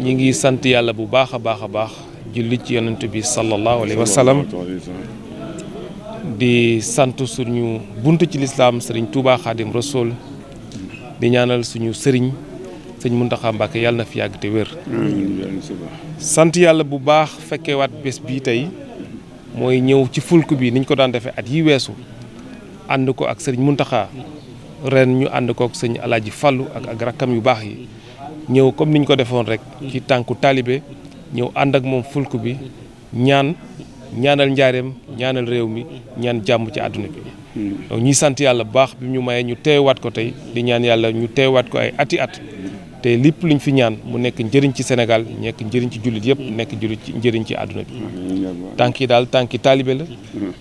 ñu ngi sant yàlla bu baax a baax a baax julli ci yonent bi sallallahu alayhi wa sallam di sant suñu bunt ci lislaam sëriñ Touba Khadim Rasoul di ñaanal suñu sëriñ sëñ Muntaxa Mbàkke yàlla na fi yàgg te wér sant yàlla bu baax fekkewaat bés bii tey mooy ñëw ci fulk bi niñ ko daan defee at yi weesu ànd ko ak sëriñ Muntaxa ren ñu ànd ko ak sëñ Alaaji Fàllu ak ak rakkam yu baax yi ñëw comme niñ ko defoon rek ci tànku taalibe ñëw ànd ak moom fulku bi ñaan ñaanal njaareem ñaanal réew mi ñaan jàmm ci àdduna bi donc ñuy sant yàlla baax bi ñu mayee ñu teewaat ko tey di ñaan yàlla ñu teewaat ko ay ati at te lépp luñ fi ñaan mu nekk njëriñ ci Sénégal nekk njëriñ ci jullit yëpp nekk jullit ci njëriñ ci àdduna bi tànk yi daal tànki taalibe la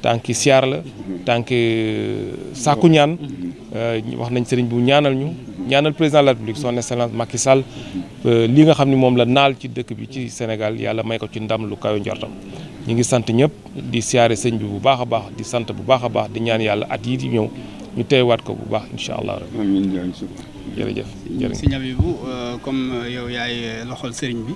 tànki siyaar la tànki euh, sàkku ñaan euh, wax nañ sëriñ bu ñaanal ñu ñaanal président de la république son excellence Macky Sall li nga xam ne moom la naal ci dëkk bi ci Sénégal yàlla may ko ci ndam lu kawe njortam ñu ngi sant ñëpp di siyaare sëñ bi bu baax a baax di sant bu baax a baax di ñaan yàlla at yi di ñëw ñu waat ko bu baax incha allah rabbi jërëjëf jërëjëf sëñ Abibou euh, comme euh, yow yaay euh, loxol sëriñ bi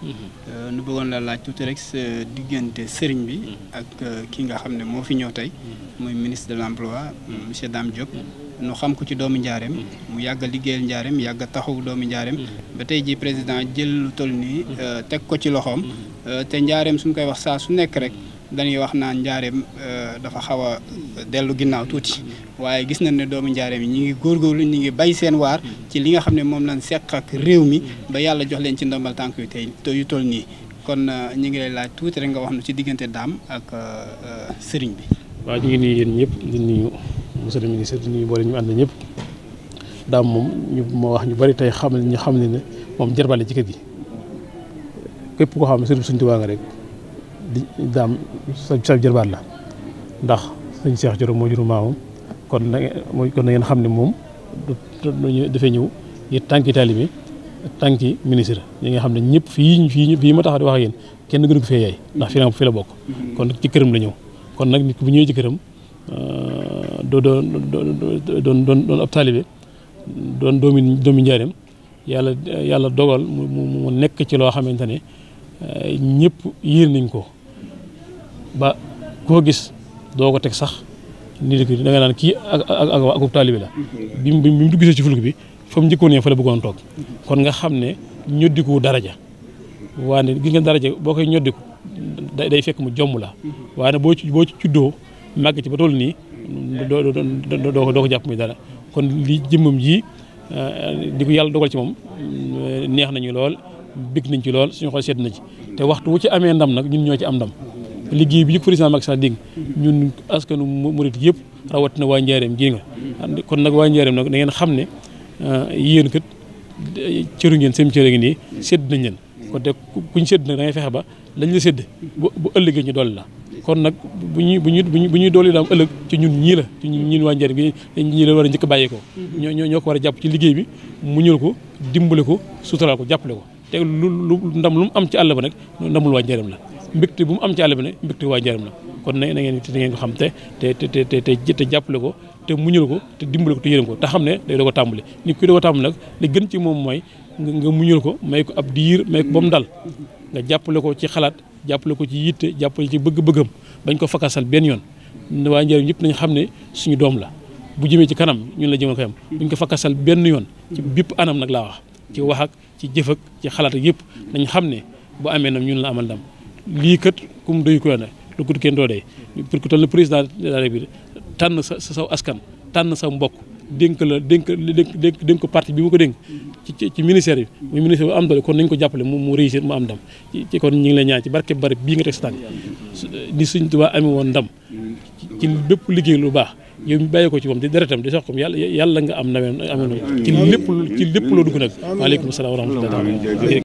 nu bëggoon la laaj tuuti rek sa diggante sëriñ bi ak ki nga xam ne moo fi ñëw tey mm-hmm. muy ministre de l'emploi monsieur Dame Diop mm-hmm. nu xam ko ci doomu njaareem mu yàgg a liggéeyal njaareem yàgg a taxaw doomu njaareem mm-hmm. ba tey ji président jël lu toll nii euh, teg ko ci loxoom mm-hmm. euh, te njaareem suñ koy wax saa su nekk rek dañuy wax naan njaareem euh, dafa xaw a dellu ginnaaw tuuti mm-hmm. waaye gis nañ ne doomu njaareem yi ñu ngi góorgóorlu ñu ngi bay seen waar ci li nga xam ne moom lañ seq ak réew mi ba yàlla jox leen ci ndombal tànk yu tey yu toll nii kon ñu ngi lay laaj tuuti rek nga wax nu ci diggante daam ak sëriñ bi. di monsieur le ministre di nuyu mboolem ñu ànd ñëpp daam moom ñu ma wax ñu bari tey xam ñu xam ne ne moom jarbale ci kër koo xam ne sëriñ Sëriñ Tuubaa rek di daam sa sa jarbaat la ndax sëñ Seex Joro moo juru maamam kon na kon na ngeen xam ne moom dafay ñëw yi tànki taalibe tànki ministre ñi nga xam ne ñëpp fii fii fii ma tax di wax ak kenn gënu ndax fi bokk mm-hmm. kon ci këram la ñëw kon nag nit ku bu ñëwee ci këram euh, doon doon doon doon ab taalibe doon doomi doomi njaareem yàlla yàlla dogal mu mu nekk ci loo xamante ne eh, ñëpp yéer nañ ko ba koo gis doo ko teg sax nii la da nga naan kii ak ak ak akub taalibe la. bi mu bi mu duggisee ci fulk bi fa mu njëkkoon ne fa la bëggoon toog. kon nga xam ne ñoddiku daraja. waaye gis nga daraja boo koy ñoddiku day fekk mu jomm la. waaye nag boo ci boo ci juddoo màgg ci ba toll nii. doo doo doo ko jàpp muy dara kon lii jëmmam ji di eh, ko yàlla dogal ci moom mm, neex nañu lool bég nañ ci lool suñu xol seet na ci te waxtu wu ci amee ndam nag ñun ñoo ci am ndam liggéey bi ñu ko président Macky Sall dégg ñun askanu murit yëpp rawatina waa Njaareem gi nga kon nag waa Njaareem nag da xam ne eh, yéen kat eh, cëru ngeen seen cër ngi nii sédd nañ leen kon te kuñ sédd nag da fexe ba lañ la sédd bu ëllëgee ñu dolli la kon nag bu ñuy bu ñuy bu ñuy doole daam ëllëg ci ñun ñii la ci ñun ñun waa bi ñii war a njëkk bàyyi ko mhm. ñoo ñoo ko war a jàpp ci liggéey bi muñul ko dimbale ko suturaal ko jàppale ko te lu lu ndam lu am ci àll ba nag ndamul waa njëriñ la mbégte bu mu am ci àll bi nag waa njëriñ la kon na ngeen te ngeen ko xam te te te te te jàppale ko te muñul ko te dimbale ko te ko te xam ne day doo ko tàmbali nit ku doo ko tàmbali nag li gën ci moom mooy nga mu muñul ko may ko ab diir may ko ba dal mhm. nga jàppale ko ci xalaat jàppale ko ci yitte jàppale ci bëgg-bëggam bañ ko sal benn yoon waa njëriñ yëpp nañ xam ne suñu doom la bu jëmee ci kanam ñun la jëmal ko yam buñ ko fakasal benn yoon ci bépp anam nag laa wax ci wax ak ci jëf ak ci xalaat ak yëpp nañ xam ne bu amee nag ñun la amal ndam lii kat kum doy ko yoon lu ko kenn doo dee pour que tal na président de tànn sa sa saw askan tànn sa mbokk dénk la dénk dénk dénk ko parti bi mu ko dénk ci ci ministère yi muy ministère bu am doole kon nañu ko jàppale mu mu réussir mu am ndam ci kon ñu woon ndam ci bépp liggéey lu baax yow mi bàyyi ko ci moom di deretam di sox kom yàlla yàlla nga am nawe amee ci lépp ci lépp loo dugg nag waaleykum salaam wa rahmatulah